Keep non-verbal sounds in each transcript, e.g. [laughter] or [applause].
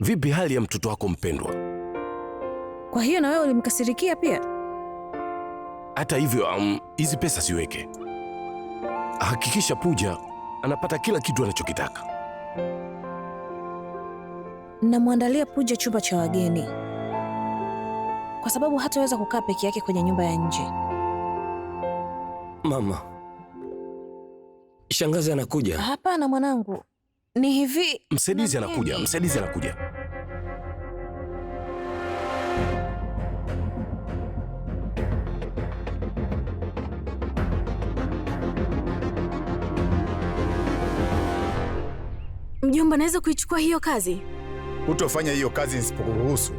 Vipi hali ya mtoto wako mpendwa? Kwa hiyo na wewe ulimkasirikia pia? Hata hivyo, um, hizi um, pesa siweke. Hakikisha Puja anapata kila kitu anachokitaka. Namwandalia Puja chumba cha wageni, kwa sababu hataweza kukaa peke yake kwenye nyumba ya nje. Mama, shangazi anakuja? Hapana mwanangu, ni hivi, msaidizi anakuja, msaidizi anakuja. Mjomba, naweza kuichukua hiyo kazi? Hutofanya hiyo kazi nisipokuruhusu.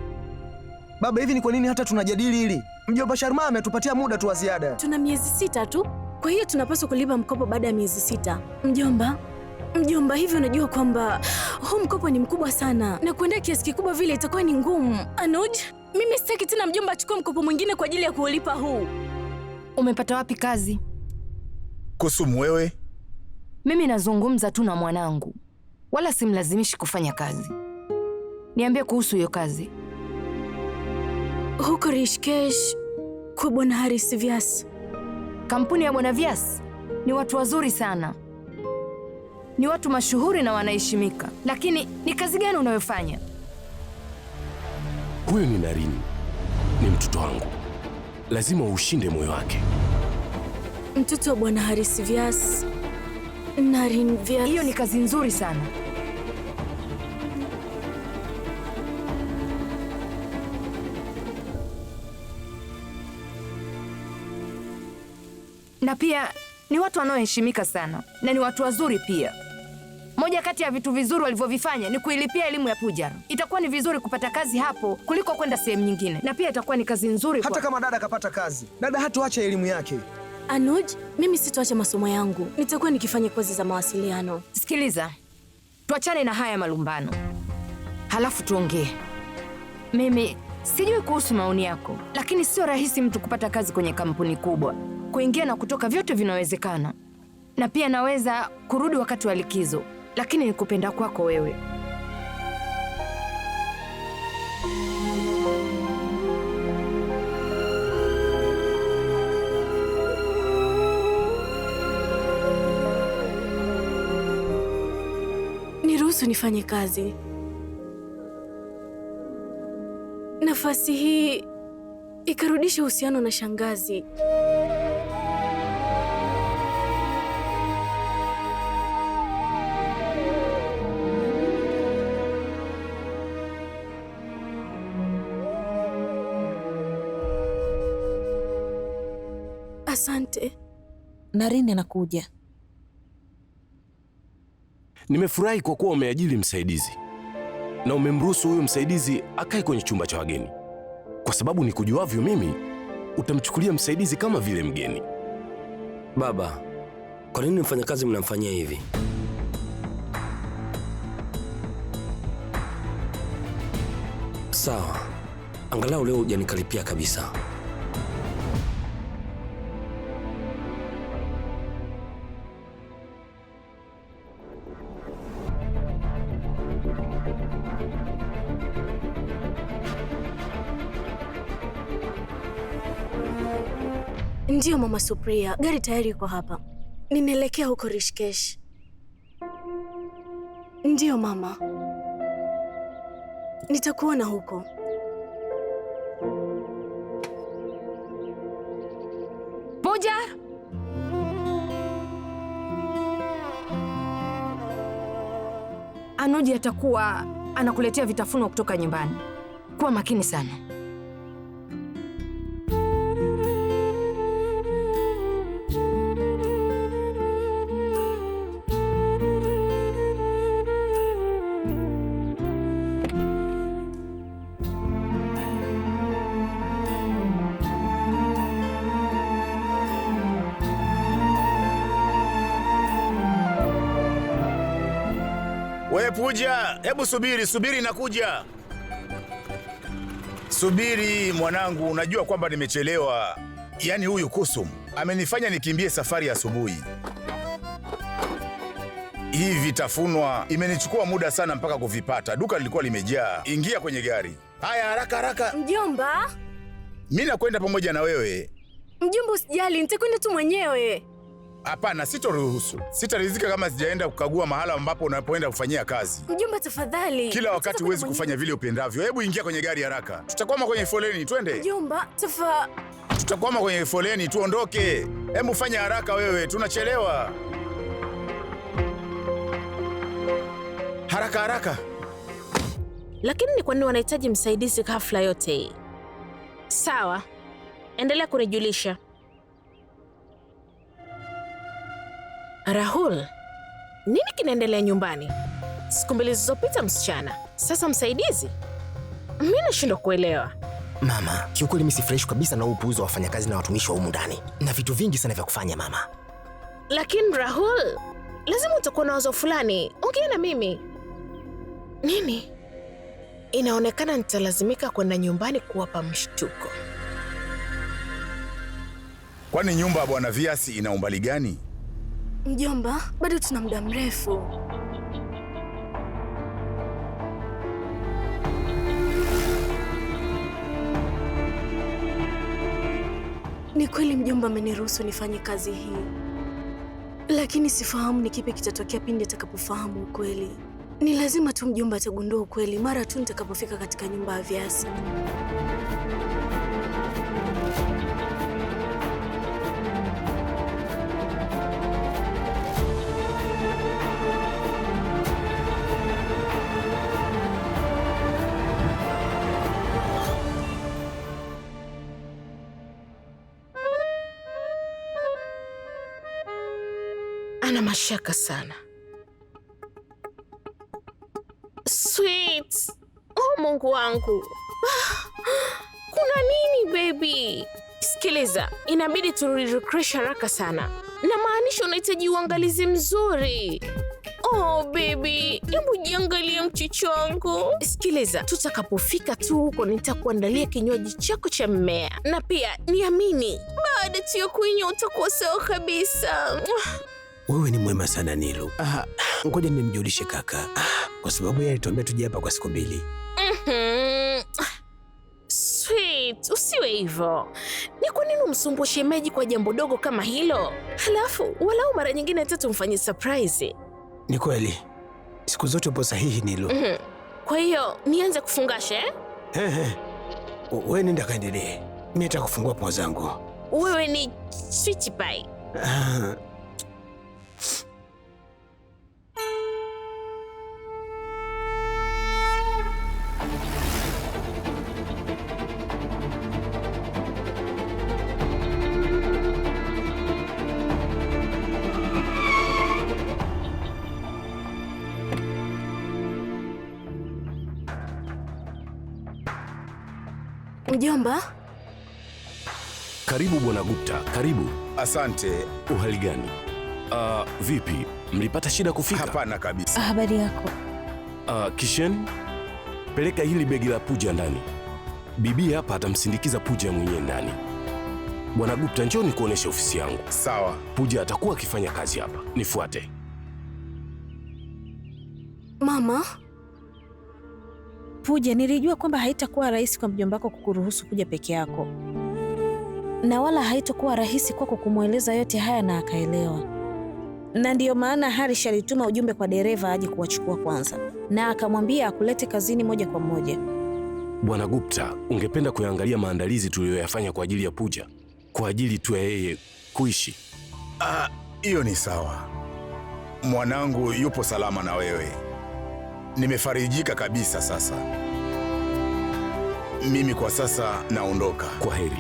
Baba, hivi ni kwa nini hata tunajadili hili? Mjomba Sharma ametupatia muda tu wa ziada, tuna miezi sita tu, kwa hiyo tunapaswa kulipa mkopo baada ya miezi sita. Mjomba Mjomba, hivyo unajua kwamba huu mkopo ni mkubwa sana na kuendea kiasi kikubwa vile itakuwa ni ngumu. Anuj, mimi sitaki tena mjomba achukue mkopo mwingine kwa ajili ya kuulipa huu. Umepata wapi kazi? Kusum, wewe? Mimi nazungumza tu na mwanangu, wala simlazimishi kufanya kazi. Niambie kuhusu hiyo kazi. Huko Rishikesh kwa Bwana Haris Vyas. Kampuni ya Bwana Vyas ni watu wazuri sana ni watu mashuhuri na wanaheshimika, lakini ni kazi gani unayofanya? huyu ni Naren, ni mtoto wangu, lazima ushinde moyo wake. Mtoto wa bwana Haris Vyas, Naren Vyas. Hiyo ni kazi nzuri sana. Na pia ni watu wanaoheshimika sana na ni watu wazuri pia. Moja kati ya vitu vizuri walivyovifanya ni kuilipia elimu ya Puja. Itakuwa ni vizuri kupata kazi hapo kuliko kwenda sehemu nyingine, na pia itakuwa ni kazi nzuri hata kwa... kama dada akapata kazi, dada hatuacha elimu yake. Anuj, mimi sitoacha masomo yangu, nitakuwa nikifanya kozi za mawasiliano. Sikiliza, tuachane na haya malumbano, halafu tuongee. Mimi sijui kuhusu maoni yako, lakini sio rahisi mtu kupata kazi kwenye kampuni kubwa. Kuingia na kutoka vyote vinawezekana, na pia naweza kurudi wakati wa likizo lakini ni kupenda kwako wewe. Niruhusu nifanye kazi. Nafasi hii ikarudisha uhusiano na shangazi. na anakuja. Nimefurahi kwa kuwa umeajiri msaidizi na umemruhusu huyo msaidizi akae kwenye chumba cha wageni, kwa sababu nikujuavyo mimi, utamchukulia msaidizi kama vile mgeni. Baba, kwa nini mfanyakazi mnamfanyia hivi? Sawa, angalau leo hujanikalipia kabisa. Ndiyo Mama Supriya, gari tayari iko hapa. Ninaelekea huko Rishikesh. Ndiyo mama, nitakuona huko. Puja! Anuji atakuwa anakuletea vitafunwa kutoka nyumbani. Kuwa makini sana. We Puja, hebu subiri, subiri nakuja. Subiri mwanangu, unajua kwamba nimechelewa. Yaani huyu Kusum amenifanya nikimbie safari asubuhi. Hii vitafunwa imenichukua muda sana mpaka kuvipata. Duka lilikuwa limejaa. Ingia kwenye gari. Haya, haraka haraka. Mjomba, mimi nakwenda pamoja na wewe. Mjomba, usijali, nitakwenda tu mwenyewe. Hapana, sitoruhusu. Sitaridhika kama sijaenda kukagua mahala ambapo unapoenda kufanyia kazi. Mjomba, tafadhali. Kila wakati huwezi kufanya vile upendavyo. Hebu ingia kwenye gari haraka, tutakwama kwenye foleni. Twende mjomba, tafa. Tutakwama kwenye foleni, tuondoke. Hebu fanya haraka wewe, tunachelewa. Haraka haraka. Lakini ni kwa nini wanahitaji msaidizi hafla yote hii? Sawa, endelea kunijulisha. Rahul, nini kinaendelea nyumbani? Siku mbili zilizopita msichana, sasa msaidizi? Mi nashindwa kuelewa. Mama, kiukweli mi sifurahishwi kabisa na huu upuuzi wa wafanyakazi na watumishi wa humu ndani, na vitu vingi sana vya kufanya mama. Lakini Rahul, lazima utakuwa na wazo fulani. Ongea na mimi. Nini? Inaonekana nitalazimika kwenda nyumbani kuwapa mshtuko. Kwani nyumba ya Bwana Vyasi ina umbali gani? Mjomba, bado tuna muda mrefu. Ni kweli mjomba ameniruhusu nifanye kazi hii, lakini sifahamu ni kipi kitatokea pindi atakapofahamu ukweli. Ni lazima tu mjomba atagundua ukweli mara tu nitakapofika katika nyumba ya Vyasa. shaka sana. Sweet. Oh, Mungu wangu. [sighs] Kuna nini baby? Sikiliza, inabidi turudi raka haraka sana. Namaanisha unahitaji uangalizi mzuri. Oh, baby, hebu jiangalie mchicho wangu. Sikiliza, tutakapofika tu huko nitakuandalia kinywaji chako cha mmea, na pia niamini, baada tu ya kuinywa utakuwa sawa kabisa. Wewe ni mwema sana Nilu. Ah, ngoja nimjulishe kaka. Ah, kwa sababu yeye alituambia tuje hapa kwa siku mbili. Mm-hmm. Sweet, usiwe hivyo. Ni kwa nini umsumbue shemeji kwa jambo dogo kama hilo? Halafu walau mara nyingine tatu mfanyie surprise. Ni kweli siku zote upo sahihi Nilu. mm -hmm. Kwa hiyo nianze kufungasha eh? Wewe nenda kaendelee, mimi nitakufungua pua zangu. Wewe ni sweet pie. Ah, kwamba... Karibu Bwana Gupta, karibu. Asante. Uhali gani? Uh, vipi, mlipata shida kufika? Hapana kabisa. Ah, habari yako? Uh, Kishen, peleka hili begi la Puja ndani. Bibi hapa atamsindikiza Puja mwenyewe ndani. Bwana Gupta, njoo nikuoneshe ofisi yangu. Sawa. Puja atakuwa akifanya kazi hapa. Nifuate. Mama? Puja, nilijua kwamba haitakuwa rahisi kwa mjomba wako kukuruhusu kuja peke yako, na wala haitakuwa rahisi kwako kumweleza yote haya na akaelewa, na ndiyo maana Harish alituma ujumbe kwa dereva aje kuwachukua kwanza, na akamwambia akulete kazini moja kwa moja. Bwana Gupta, ungependa kuyaangalia maandalizi tuliyoyafanya kwa ajili ya Puja, kwa ajili tu ya yeye kuishi? Ah, hiyo ni sawa, mwanangu yupo salama na wewe. Nimefarijika kabisa sasa. Mimi kwa sasa naondoka. Kwa heri.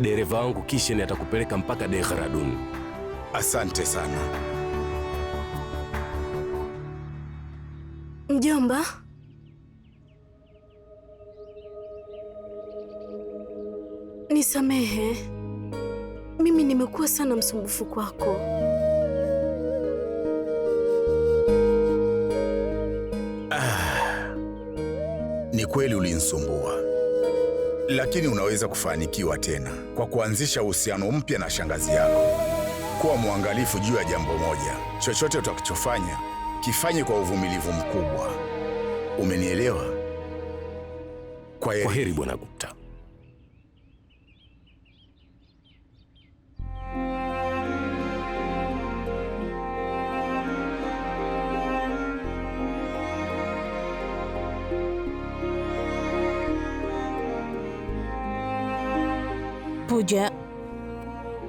Dereva wangu Kishen atakupeleka mpaka Dehradun. Asante sana mjomba. Nisamehe, mimi nimekuwa sana msumbufu kwako. ni kweli ulinsumbua lakini unaweza kufanikiwa tena kwa kuanzisha uhusiano mpya na shangazi yako. Kuwa mwangalifu juu ya jambo moja: chochote utakachofanya kifanye kwa uvumilivu mkubwa. Umenielewa? Kwa heri, kwa heri Bwana Gupta. kuja.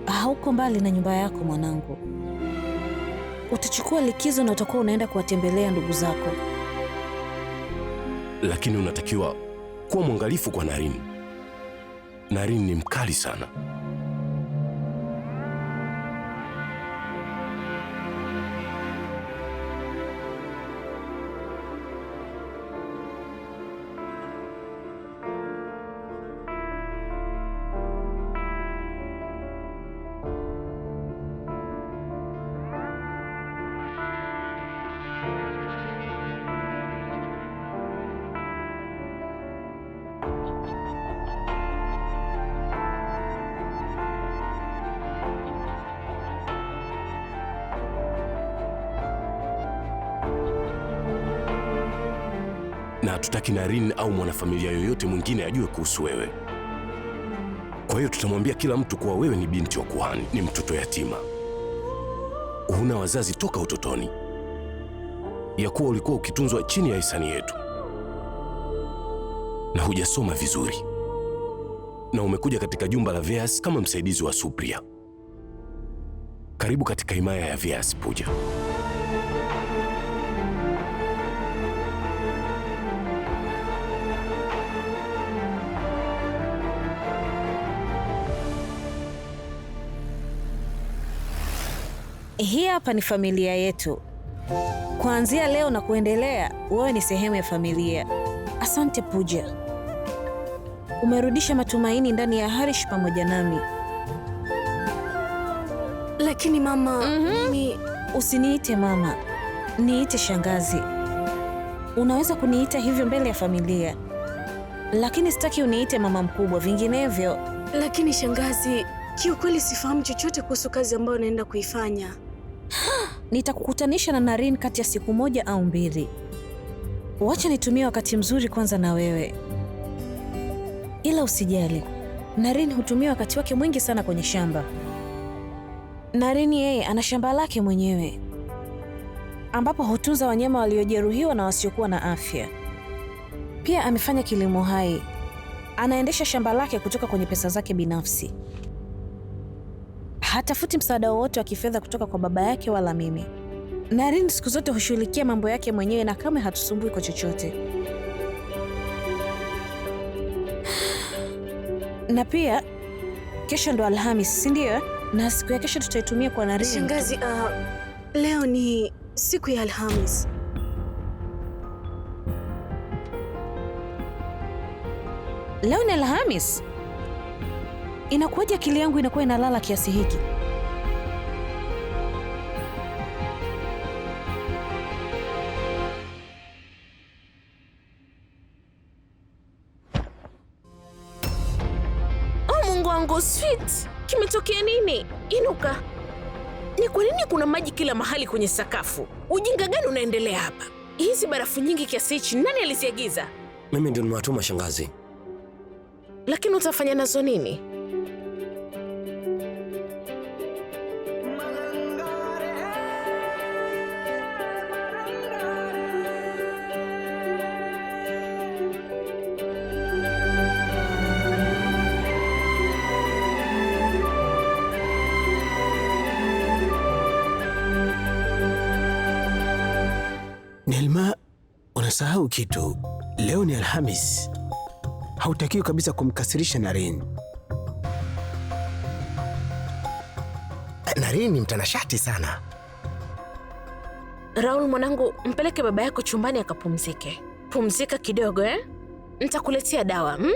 Hauko mbali na nyumba yako mwanangu, utachukua likizo na utakuwa unaenda kuwatembelea ndugu zako. Lakini unatakiwa kuwa mwangalifu kwa Naren. Naren ni mkali sana. na hatutaki Naren au mwanafamilia yoyote mwingine ajue kuhusu wewe. Kwa hiyo tutamwambia kila mtu kuwa wewe ni binti wa kuhani, ni mtoto yatima, huna wazazi toka utotoni, ya kuwa ulikuwa ukitunzwa chini ya hisani yetu na hujasoma vizuri na umekuja katika jumba la veas kama msaidizi wa Supriya. Karibu katika himaya ya veas Pooja. Hii hapa ni familia yetu. Kuanzia leo na kuendelea, wewe ni sehemu ya familia. Asante Pooja, umerudisha matumaini ndani ya Harish pamoja nami. Lakini mama, mm -hmm. ni... usiniite mama, niite shangazi. Unaweza kuniita hivyo mbele ya familia, lakini sitaki uniite mama mkubwa, vinginevyo. Lakini shangazi, kiukweli sifahamu chochote kuhusu kazi ambayo unaenda kuifanya nitakukutanisha na Naren kati ya siku moja au mbili. Wacha nitumie wakati mzuri kwanza na wewe, ila usijali, Naren hutumia wakati wake mwingi sana kwenye shamba. Naren yeye ana shamba lake mwenyewe ambapo hutunza wanyama waliojeruhiwa na wasiokuwa na afya. Pia amefanya kilimo hai, anaendesha shamba lake kutoka kwenye pesa zake binafsi hatafuti msaada wowote wa kifedha kutoka kwa baba yake wala mimi. Naren siku zote hushughulikia mambo yake mwenyewe na kamwe hatusumbui kwa chochote. Na pia kesho ndo Alhamis, si ndio? Na siku ya kesho tutaitumia kwa Naren. Shangazi, uh, leo ni siku ya Alhamis. Leo ni Alhamis. Inakuwaje akili yangu inakuwa inalala kiasi hiki? Oh, Mungu wangu, sweet. Kimetokea nini? Inuka. Ni kwa nini kuna maji kila mahali kwenye sakafu? Ujinga gani unaendelea hapa? Hizi barafu nyingi kiasi hichi, nani aliziagiza? Mimi ndio nimewatuma shangazi. Lakini utafanya nazo nini? Umesahau kitu, leo ni Alhamis. Hautakiwi kabisa kumkasirisha Naren. Naren ni mtanashati sana. Raul mwanangu, mpeleke baba yako chumbani akapumzike. Pumzika kidogo eh? Nitakuletea dawa mm?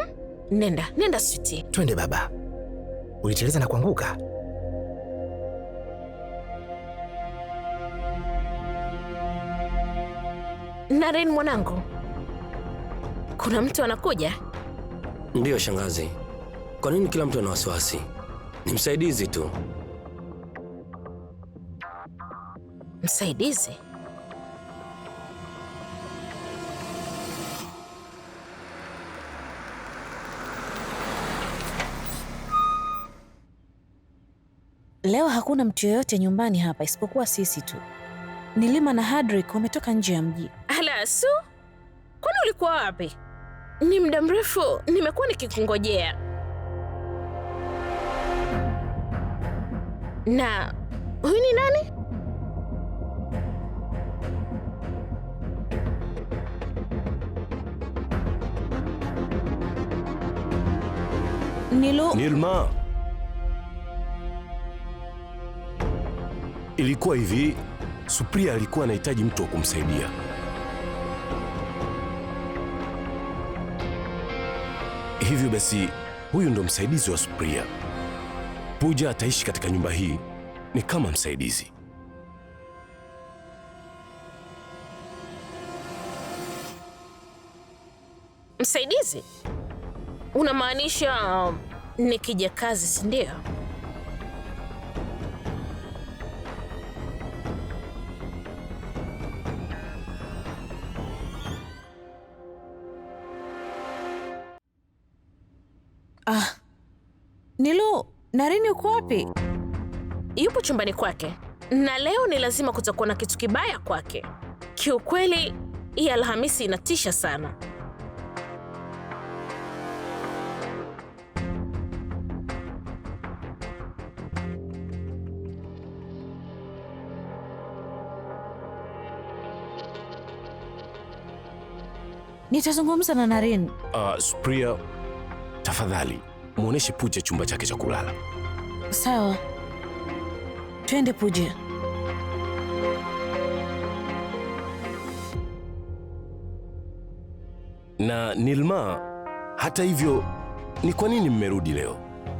Nenda nenda switi, twende baba. Uliteleza na kuanguka. Naren mwanangu, kuna mtu anakuja? Ndiyo shangazi. Kwa nini kila mtu ana wasiwasi? Ni msaidizi tu. Msaidizi? Leo hakuna mtu yoyote nyumbani hapa isipokuwa sisi tu. Nilima na Hadrick wametoka nje ya mji. Halasu, kwani ulikuwa wapi? Ni muda mrefu nimekuwa nikikungojea. Na huyu ni nani? Nilu... Nilma, ilikuwa hivi Supriya alikuwa anahitaji mtu wa kumsaidia. Hivyo basi, huyu ndo msaidizi wa Supriya. puja ataishi katika nyumba hii, ni kama msaidizi. Msaidizi unamaanisha um, nikija kazi, si ndio? Naren uko wapi? Yupo chumbani kwake, na leo ni lazima kutakuwa na kitu kibaya kwake. Kiukweli hii Alhamisi inatisha sana. Nitazungumza na Naren. Uh, ah, Supriya, tafadhali muoneshe Pooja chumba chake cha kulala. Sawa, twende puja Na Nilma, hata hivyo, ni kwa nini mmerudi leo?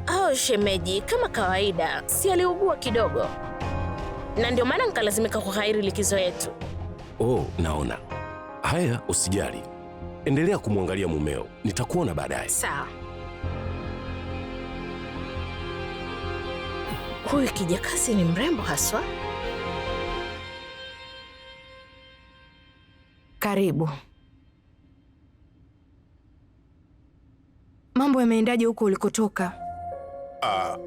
Oh, shemeji, kama kawaida, si aliugua kidogo, na ndio maana nikalazimika kuhairi likizo yetu. Oh, naona. Haya, usijali, endelea kumwangalia mumeo, nitakuona baadaye. Sawa. Huyu kijakazi ni mrembo haswa. Karibu. Mambo yameendaje huko ulikotoka? Ah.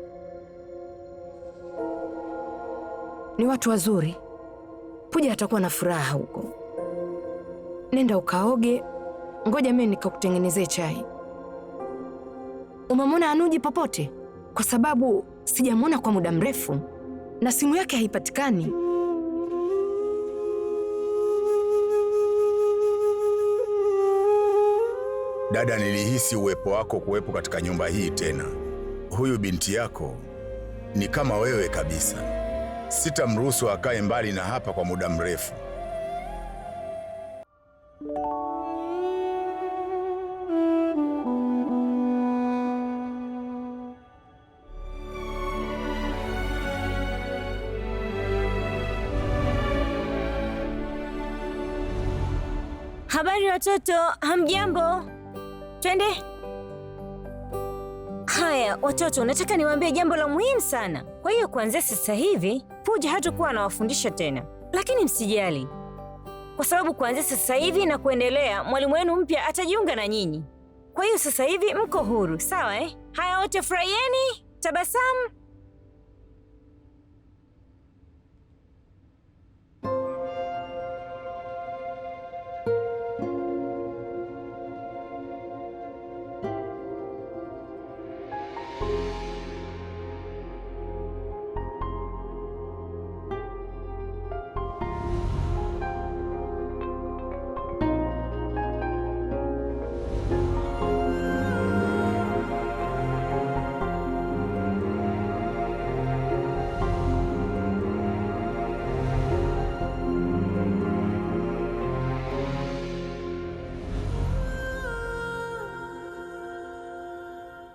Ni watu wazuri. Puja atakuwa na furaha huko. Nenda ukaoge, ngoja mimi nikakutengenezee chai. Umemwona Anuji popote? Kwa sababu Sijamwona kwa muda mrefu na simu yake haipatikani. Dada, nilihisi uwepo wako kuwepo katika nyumba hii tena. Huyu binti yako ni kama wewe kabisa. Sitamruhusu akae mbali na hapa kwa muda mrefu. Habari watoto, hamjambo? Twende. Haya watoto, nataka niwaambie jambo la muhimu sana. Kwa hiyo kuanzia sasa hivi Puja hatakuwa anawafundisha tena, lakini msijali, kwa sababu kuanzia sasa hivi na kuendelea mwalimu wenu mpya atajiunga na nyinyi. Kwa hiyo sasa hivi mko huru, sawa eh? Haya wote, furahieni, tabasamu.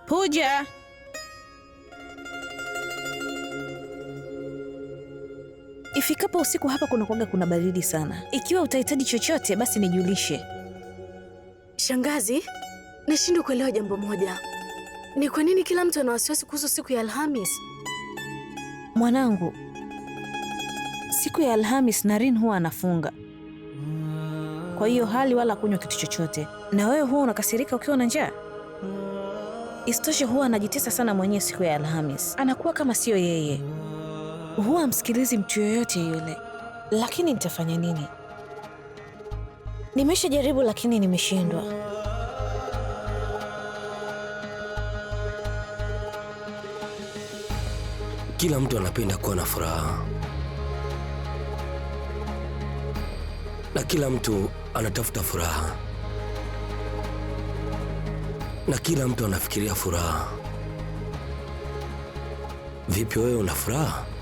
puja Ifikapo usiku hapa kunakuwaga kuna baridi sana. Ikiwa utahitaji chochote, basi nijulishe. Shangazi, nashindwa kuelewa jambo moja, ni kwa nini kila mtu ana wasiwasi kuhusu siku ya Alhamis? Mwanangu, siku ya Alhamis Naren huwa anafunga, kwa hiyo hali wala kunywa kitu chochote. Na wewe huwa unakasirika ukiwa na njaa? Isitoshe huwa anajitesa sana mwenyewe siku ya Alhamis, anakuwa kama siyo yeye, huwa amsikilizi mtu yoyote yule. Lakini nitafanya nini? Nimeshajaribu lakini nimeshindwa. Kila mtu anapenda kuwa na furaha na kila mtu anatafuta furaha na kila mtu anafikiria furaha. Vipi wewe, una furaha?